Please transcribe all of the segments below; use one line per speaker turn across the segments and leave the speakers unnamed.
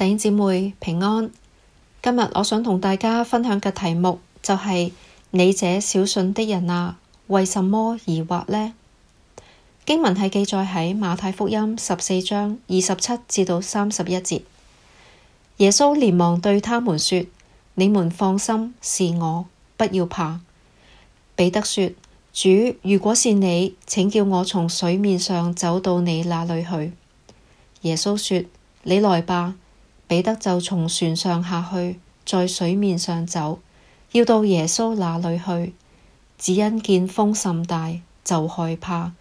弟兄姐妹平安，今日我想同大家分享嘅題目就係、是、你這小信的人啊，為什麼疑惑呢？經文係記載喺馬太福音十四章二十七至到三十一節。耶穌連忙對他們說：你們放心，是我，不要怕。彼得說：主，如果是你，請叫我從水面上走到你那裏去。耶穌說：你來吧。彼得就從船上下去，在水面上走，要到耶穌那裏去，只因見風甚大，就害怕，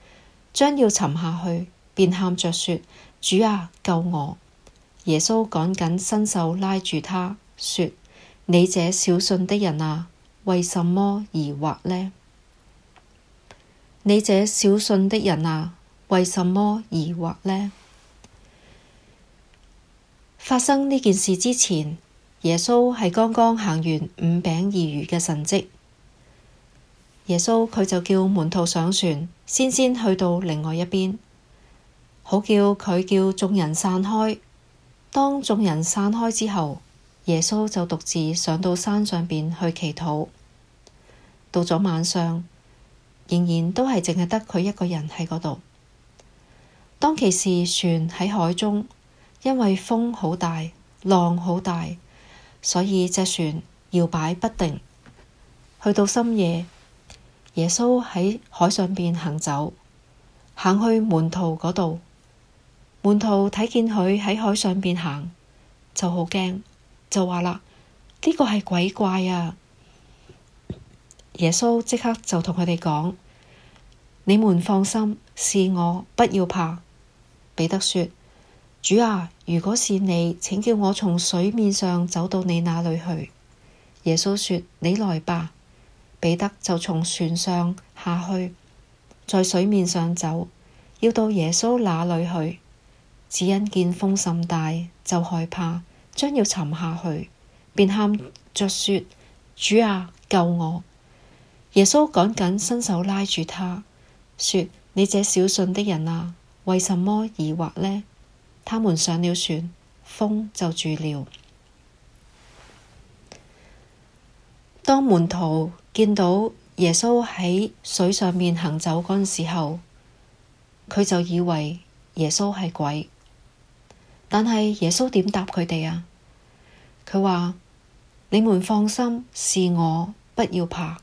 將要沉下去，便喊着說：主啊，救我！耶穌趕緊伸手拉住他，說：你這小信的人啊，為什麼疑惑呢？你這小信的人啊，為什麼疑惑呢？發生呢件事之前，耶穌係剛剛行完五餅二魚嘅神蹟。耶穌佢就叫門徒上船，先先去到另外一邊，好叫佢叫眾人散開。當眾人散開之後，耶穌就獨自上到山上邊去祈禱。到咗晚上，仍然都係淨係得佢一個人喺嗰度。當其時，船喺海中。因為風好大，浪好大，所以隻船搖擺不定。去到深夜，耶穌喺海上邊行走，行去門徒嗰度。門徒睇見佢喺海上邊行，就好驚，就話啦：呢個係鬼怪啊！耶穌即刻就同佢哋講：你們放心，是我，不要怕。彼得說。主啊，如果是你，請叫我從水面上走到你那裏去。耶穌說：你來吧。彼得就從船上下去，在水面上走，要到耶穌那裏去。只因見風甚大，就害怕，將要沉下去，便喊着說：主啊，救我！耶穌趕緊伸手拉住他，說：你這小信的人啊，為什麼疑惑呢？他們上了船，風就住了。當門徒見到耶穌喺水上面行走嗰陣時候，佢就以為耶穌係鬼。但係耶穌點答佢哋啊？佢話：你們放心，是我，不要怕。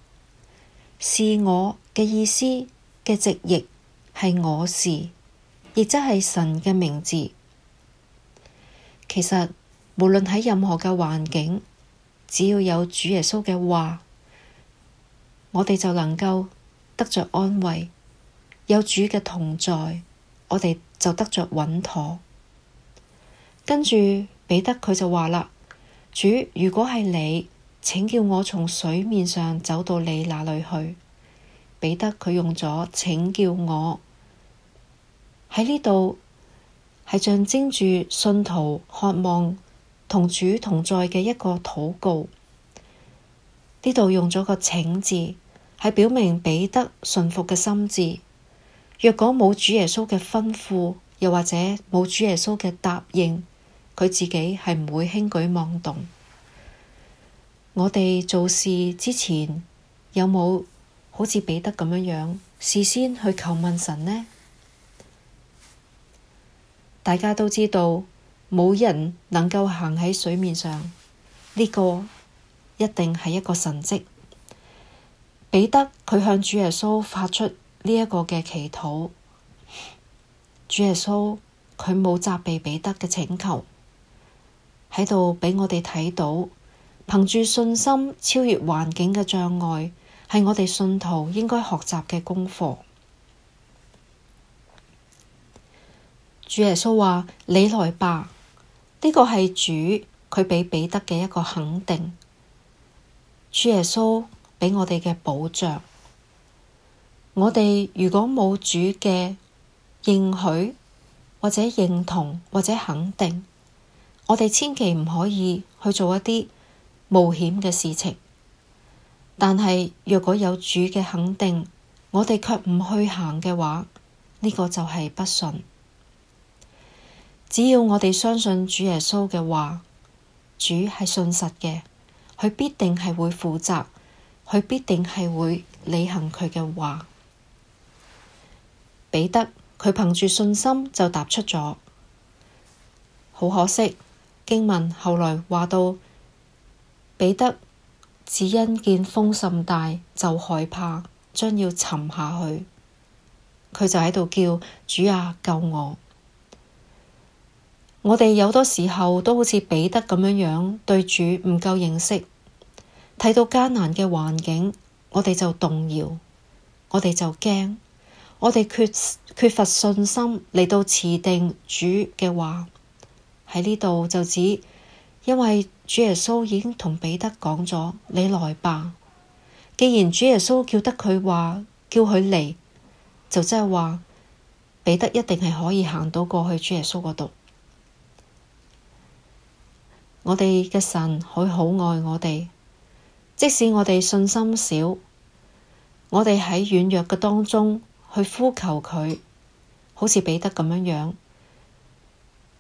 是我嘅意思嘅直譯係我是，亦即係神嘅名字。其實，無論喺任何嘅環境，只要有主耶穌嘅話，我哋就能夠得着安慰；有主嘅同在，我哋就得着穩妥。跟住，彼得佢就話啦：主，如果係你，請叫我從水面上走到你那裏去。彼得佢用咗請叫我喺呢度。係象徵住信徒渴望同主同在嘅一個禱告。呢度用咗個請字，係表明彼得順服嘅心智。若果冇主耶穌嘅吩咐，又或者冇主耶穌嘅答應，佢自己係唔會輕舉妄動。我哋做事之前有冇好似彼得咁樣樣，事先去求問神呢？大家都知道，冇人能夠行喺水面上，呢個一定係一個神迹。彼得佢向主耶穌發出呢一個嘅祈禱，主耶穌佢冇責備彼得嘅請求，喺度畀我哋睇到，憑住信心超越環境嘅障礙，係我哋信徒應該學習嘅功課。主耶穌話：你來吧，呢、這個係主佢畀彼得嘅一個肯定。主耶穌畀我哋嘅保障，我哋如果冇主嘅認許或者認同或者肯定，我哋千祈唔可以去做一啲冒險嘅事情。但係若果有主嘅肯定，我哋卻唔去行嘅話，呢、這個就係不信。只要我哋相信主耶穌嘅話，主係信實嘅，佢必定係會負責，佢必定係會履行佢嘅話。彼得佢憑住信心就踏出咗，好可惜經文後來話到，彼得只因見風甚大就害怕，將要沉下去，佢就喺度叫主啊救我。我哋有多時候都好似彼得咁樣樣，對主唔夠認識，睇到艱難嘅環境，我哋就動搖，我哋就驚，我哋缺，缺乏信心嚟到持定主嘅話喺呢度就指，因為主耶穌已經同彼得講咗，你來吧。既然主耶穌叫得佢話叫佢嚟，就即係話彼得一定係可以行到過去主耶穌嗰度。我哋嘅神，佢好愛我哋，即使我哋信心少，我哋喺軟弱嘅當中去呼求佢，好似彼得咁樣樣，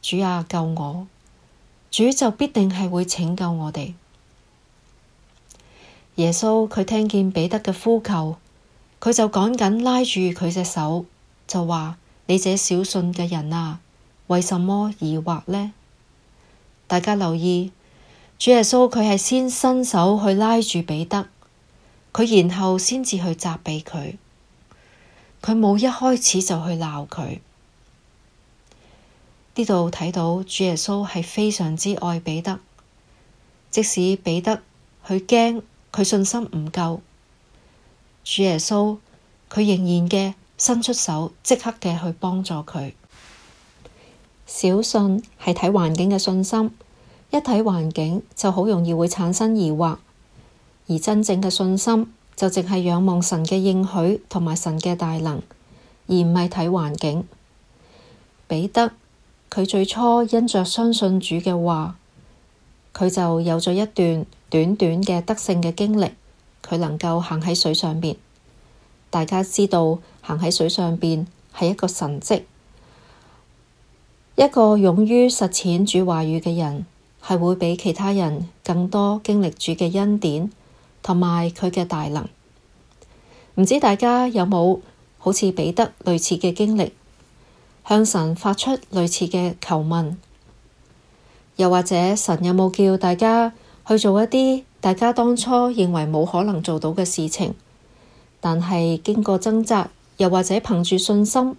主啊救我，主就必定係會拯救我哋。耶穌佢聽見彼得嘅呼求，佢就趕緊拉住佢隻手，就話你這小信嘅人啊，為什麼疑惑呢？大家留意，主耶穌佢係先伸手去拉住彼得，佢然後先至去責備佢，佢冇一開始就去鬧佢。呢度睇到主耶穌係非常之愛彼得，即使彼得佢驚佢信心唔夠，主耶穌佢仍然嘅伸出手，即刻嘅去幫助佢。小信係睇環境嘅信心，一睇環境就好容易會產生疑惑，而真正嘅信心就淨係仰望神嘅應許同埋神嘅大能，而唔係睇環境。彼得佢最初因着相信主嘅話，佢就有咗一段短短嘅得勝嘅經歷，佢能夠行喺水上邊。大家知道行喺水上邊係一個神蹟。一個勇於實踐主話語嘅人，係會比其他人更多經歷主嘅恩典，同埋佢嘅大能。唔知大家有冇好似彼得類似嘅經歷，向神發出類似嘅求問？又或者神有冇叫大家去做一啲大家當初認為冇可能做到嘅事情？但係經過掙扎，又或者憑住信心。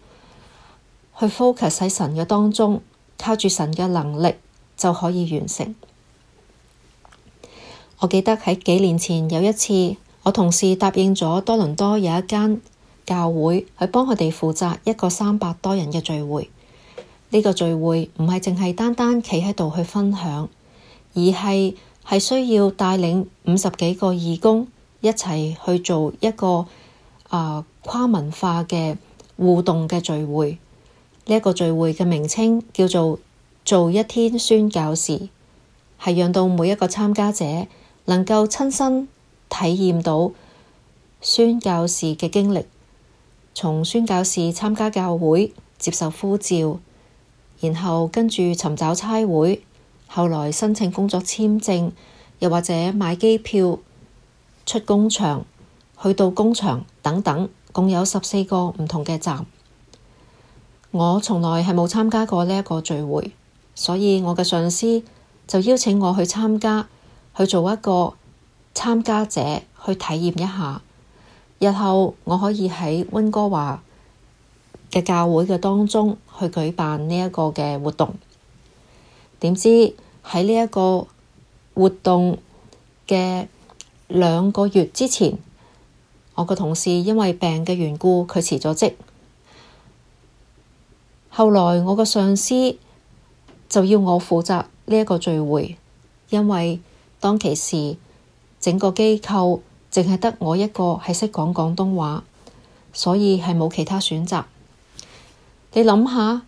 去 focus 喺神嘅當中，靠住神嘅能力就可以完成。我記得喺幾年前有一次，我同事答應咗多倫多有一間教會去幫佢哋負責一個三百多人嘅聚會。呢、這個聚會唔係淨係單單企喺度去分享，而係係需要帶領五十幾個義工一齊去做一個啊、呃、跨文化嘅互動嘅聚會。呢一個聚會嘅名稱叫做做一天宣教士，係讓到每一個參加者能夠親身體驗到宣教士嘅經歷，從宣教士參加教會接受呼召，然後跟住尋找差會，後來申請工作簽證，又或者買機票出工場，去到工場等等，共有十四個唔同嘅站。我從來係冇參加過呢一個聚會，所以我嘅上司就邀請我去參加，去做一個參加者，去體驗一下。日後我可以喺溫哥華嘅教會嘅當中去舉辦呢一個嘅活動。點知喺呢一個活動嘅兩個月之前，我嘅同事因為病嘅緣故，佢辭咗職。後來我個上司就要我負責呢一個聚會，因為當其時整個機構淨係得我一個係識講廣東話，所以係冇其他選擇。你諗下，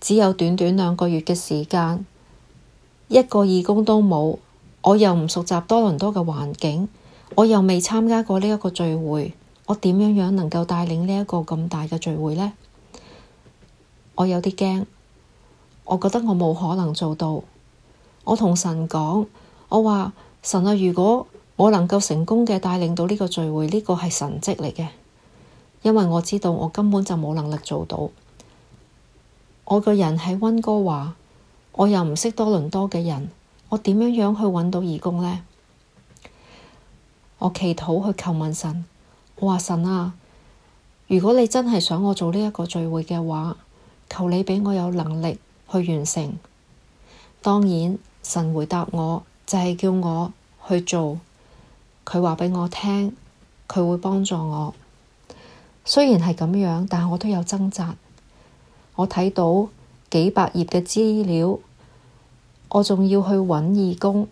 只有短短兩個月嘅時間，一個義工都冇，我又唔熟習多倫多嘅環境，我又未參加過呢一個聚會，我點樣樣能夠帶領呢一個咁大嘅聚會呢？我有啲驚，我覺得我冇可能做到。我同神講，我話神啊，如果我能夠成功嘅帶領到呢個聚會，呢個係神蹟嚟嘅，因為我知道我根本就冇能力做到。我個人喺温哥華，我又唔識多倫多嘅人，我點樣樣去揾到義工呢？我祈禱去求問神，我話神啊，如果你真係想我做呢一個聚會嘅話。求你畀我有能力去完成。當然，神回答我就係叫我去做。佢話畀我聽，佢會幫助我。雖然係咁樣，但係我都有掙扎。我睇到幾百頁嘅資料，我仲要去揾義工，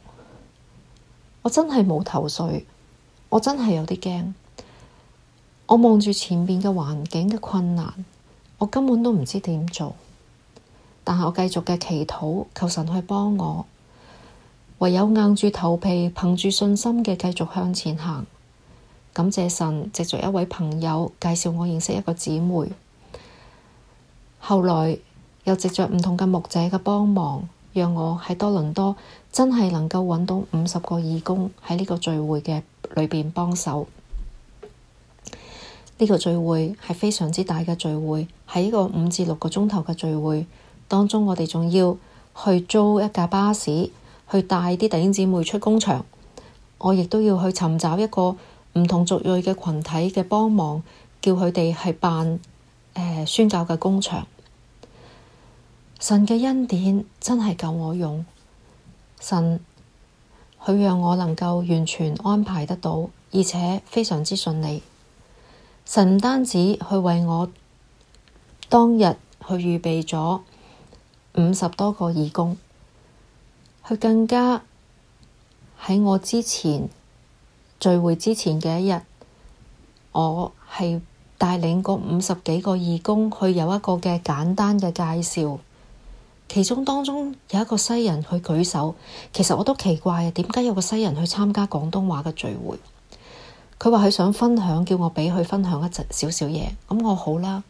我真係冇頭緒，我真係有啲驚。我望住前面嘅環境嘅困難。我根本都唔知點做，但係我繼續嘅祈禱，求神去幫我，唯有硬住頭皮，憑住信心嘅繼續向前行。感謝神，藉着一位朋友介紹我認識一個姊妹，後來又藉着唔同嘅牧者嘅幫忙，讓我喺多倫多真係能夠揾到五十個義工喺呢個聚會嘅裏邊幫手。呢個聚會係非常之大嘅聚會，喺一個五至六個鐘頭嘅聚會當中，我哋仲要去租一架巴士去帶啲弟兄姊妹出工場。我亦都要去尋找一個唔同族裔嘅群體嘅幫忙，叫佢哋係辦、呃、宣教嘅工場。神嘅恩典真係夠我用，神佢讓我能夠完全安排得到，而且非常之順利。神唔單止佢為我當日去預備咗五十多個義工，佢更加喺我之前聚會之前嘅一日，我係帶領過五十幾個義工去有一個嘅簡單嘅介紹，其中當中有一個西人去舉手，其實我都奇怪啊，點解有個西人去參加廣東話嘅聚會？佢話佢想分享，叫我畀佢分享一陣少少嘢。咁我好啦，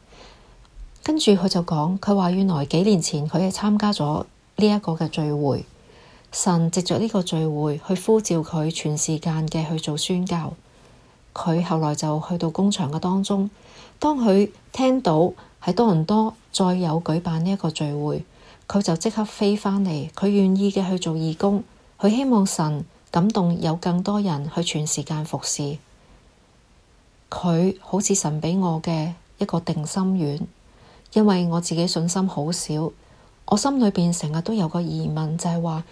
跟住佢就講佢話，原來幾年前佢係參加咗呢一個嘅聚會。神藉着呢個聚會去呼召佢全時間嘅去做宣教。佢後來就去到工場嘅當中。當佢聽到喺多倫多再有舉辦呢一個聚會，佢就即刻飛翻嚟。佢願意嘅去做義工。佢希望神感動有更多人去全時間服侍。佢好似神畀我嘅一個定心丸，因為我自己信心好少，我心裏邊成日都有個疑問，就係話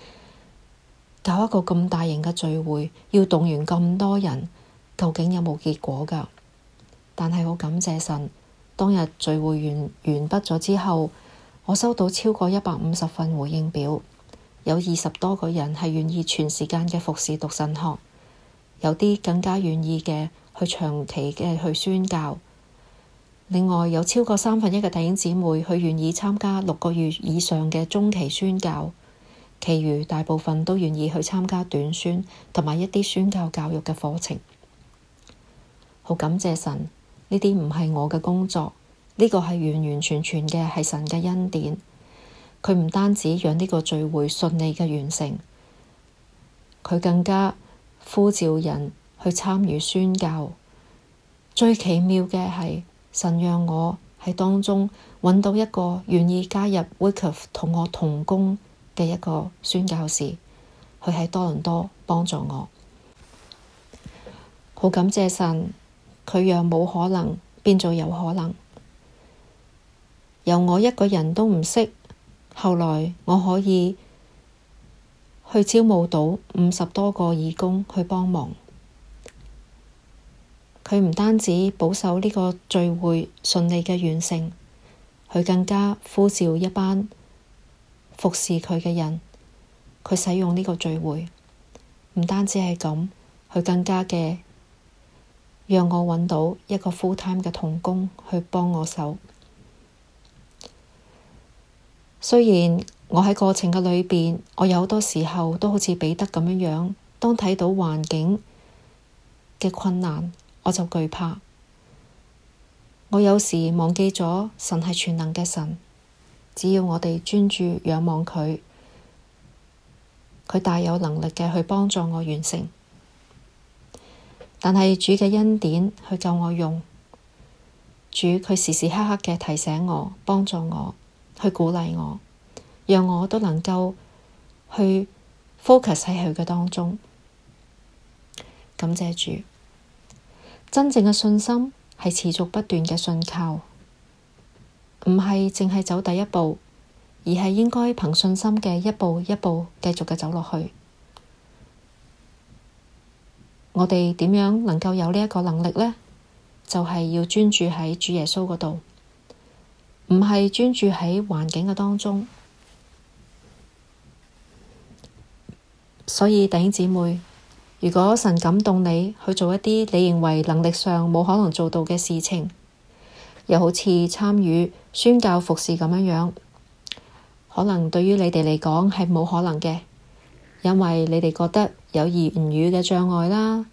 搞一個咁大型嘅聚會，要動員咁多人，究竟有冇結果噶？但係好感謝神，當日聚會完完畢咗之後，我收到超過一百五十份回應表，有二十多個人係願意全時間嘅服侍讀神學，有啲更加願意嘅，去長期嘅去宣教，另外有超過三分一嘅弟兄姊妹去願意參加六個月以上嘅中期宣教，其餘大部分都願意去參加短宣同埋一啲宣教教育嘅課程。好感謝神，呢啲唔係我嘅工作，呢、這個係完完全全嘅係神嘅恩典。佢唔單止讓呢個聚會順利嘅完成，佢更加呼召人。去參與宣教，最奇妙嘅係神讓我喺當中揾到一個願意加入 Wycliffe 同我同工嘅一個宣教士。佢喺多倫多幫助我，好感謝神，佢讓冇可能變做有可能，由我一個人都唔識，後來我可以去招募到五十多個義工去幫忙。佢唔單止保守呢個聚會順利嘅完成，佢更加呼召一班服侍佢嘅人。佢使用呢個聚會唔單止係咁，佢更加嘅讓我揾到一個 full time 嘅同工去幫我手。雖然我喺過程嘅裏邊，我有好多時候都好似彼得咁樣樣，當睇到環境嘅困難，我就懼怕，我有時忘記咗神係全能嘅神，只要我哋專注仰望佢，佢大有能力嘅去幫助我完成。但係主嘅恩典去夠我用，主佢時時刻刻嘅提醒我，幫助我去鼓勵我，讓我都能夠去 focus 喺佢嘅當中，感謝主。真正嘅信心係持續不斷嘅信靠，唔係淨係走第一步，而係應該憑信心嘅一步一步繼續嘅走落去。我哋點樣能夠有呢一個能力呢？就係要專注喺主耶穌嗰度，唔係專注喺環境嘅當中。所以弟兄姊妹。如果神感動你去做一啲你認為能力上冇可能做到嘅事情，又好似參與宣教服侍咁樣樣，可能對於你哋嚟講係冇可能嘅，因為你哋覺得有言語嘅障礙啦，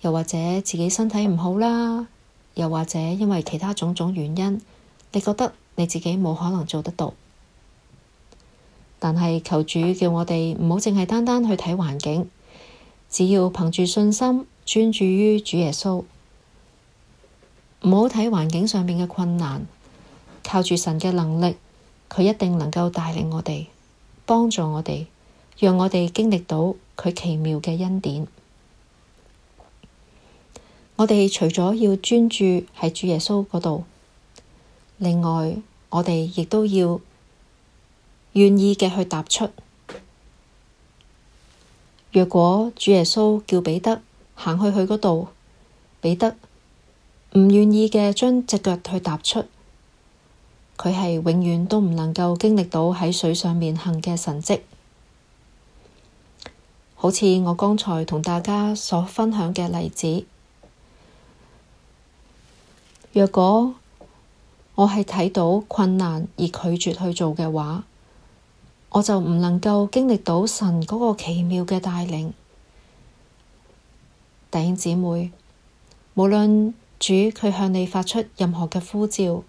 又或者自己身體唔好啦，又或者因為其他種種原因，你覺得你自己冇可能做得到。但係求主叫我哋唔好淨係單單去睇環境。只要憑住信心，專注於主耶穌，唔好睇環境上面嘅困難，靠住神嘅能力，佢一定能夠帶領我哋，幫助我哋，讓我哋經歷到佢奇妙嘅恩典。我哋除咗要專注喺主耶穌嗰度，另外我哋亦都要願意嘅去踏出。若果主耶穌叫彼得行去佢嗰度，彼得唔願意嘅將隻腳去踏出，佢係永遠都唔能夠經歷到喺水上面行嘅神蹟，好似我剛才同大家所分享嘅例子。若果我係睇到困難而拒絕去做嘅話，我就唔能夠經歷到神嗰個奇妙嘅帶領，弟兄姊妹，無論主佢向你發出任何嘅呼召，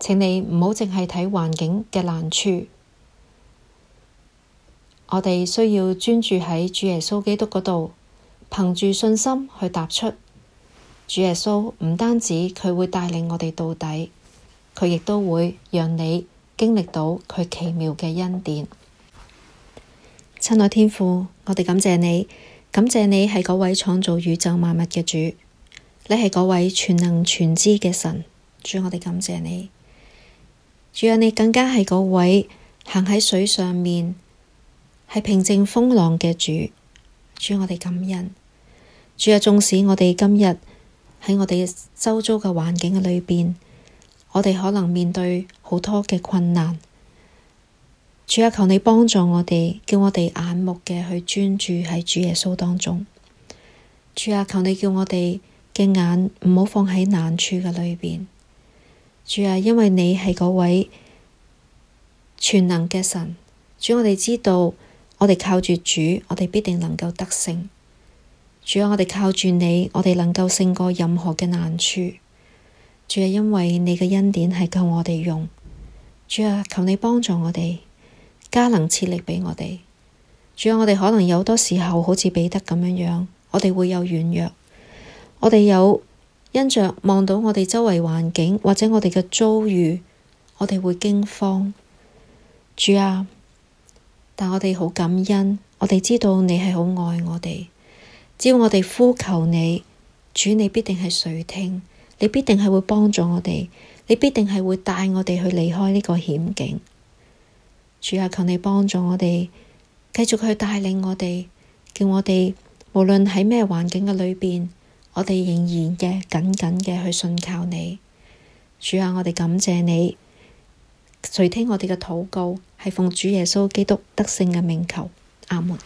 請你唔好淨係睇環境嘅難處。我哋需要專注喺主耶穌基督嗰度，憑住信心去踏出。主耶穌唔單止佢會帶領我哋到底，佢亦都會讓你。經歷到佢奇妙嘅恩典，親愛天父，我哋感謝你，感謝你係嗰位創造宇宙萬物嘅主，你係嗰位全能全知嘅神，主我哋感謝你，主啊，你更加係嗰位行喺水上面，係平靜風浪嘅主，主我哋感恩，主啊，縱使我哋今日喺我哋周遭嘅環境嘅裏邊。我哋可能面對好多嘅困難，主啊，求你幫助我哋，叫我哋眼目嘅去專注喺主耶穌當中。主啊，求你叫我哋嘅眼唔好放喺難處嘅裏邊。主啊，因為你係嗰位全能嘅神，主啊，我哋知道，我哋靠住主，我哋必定能夠得勝。主啊，我哋靠住你，我哋能夠勝過任何嘅難處。主啊，因為你嘅恩典係夠我哋用，主啊，求你幫助我哋，加能賜力畀我哋。主啊，我哋可能有多時候好似彼得咁樣樣，我哋會有軟弱，我哋有因着望到我哋周圍環境或者我哋嘅遭遇，我哋會驚慌。主啊，但我哋好感恩，我哋知道你係好愛我哋，只要我哋呼求你，主你必定係垂聽。你必定係會幫助我哋，你必定係會帶我哋去離開呢個險境。主啊，求你幫助我哋，繼續去帶領我哋，叫我哋無論喺咩環境嘅裏邊，我哋仍然嘅緊緊嘅去信靠你。主啊，我哋感謝你，垂聽我哋嘅禱告，係奉主耶穌基督得勝嘅命求。阿門。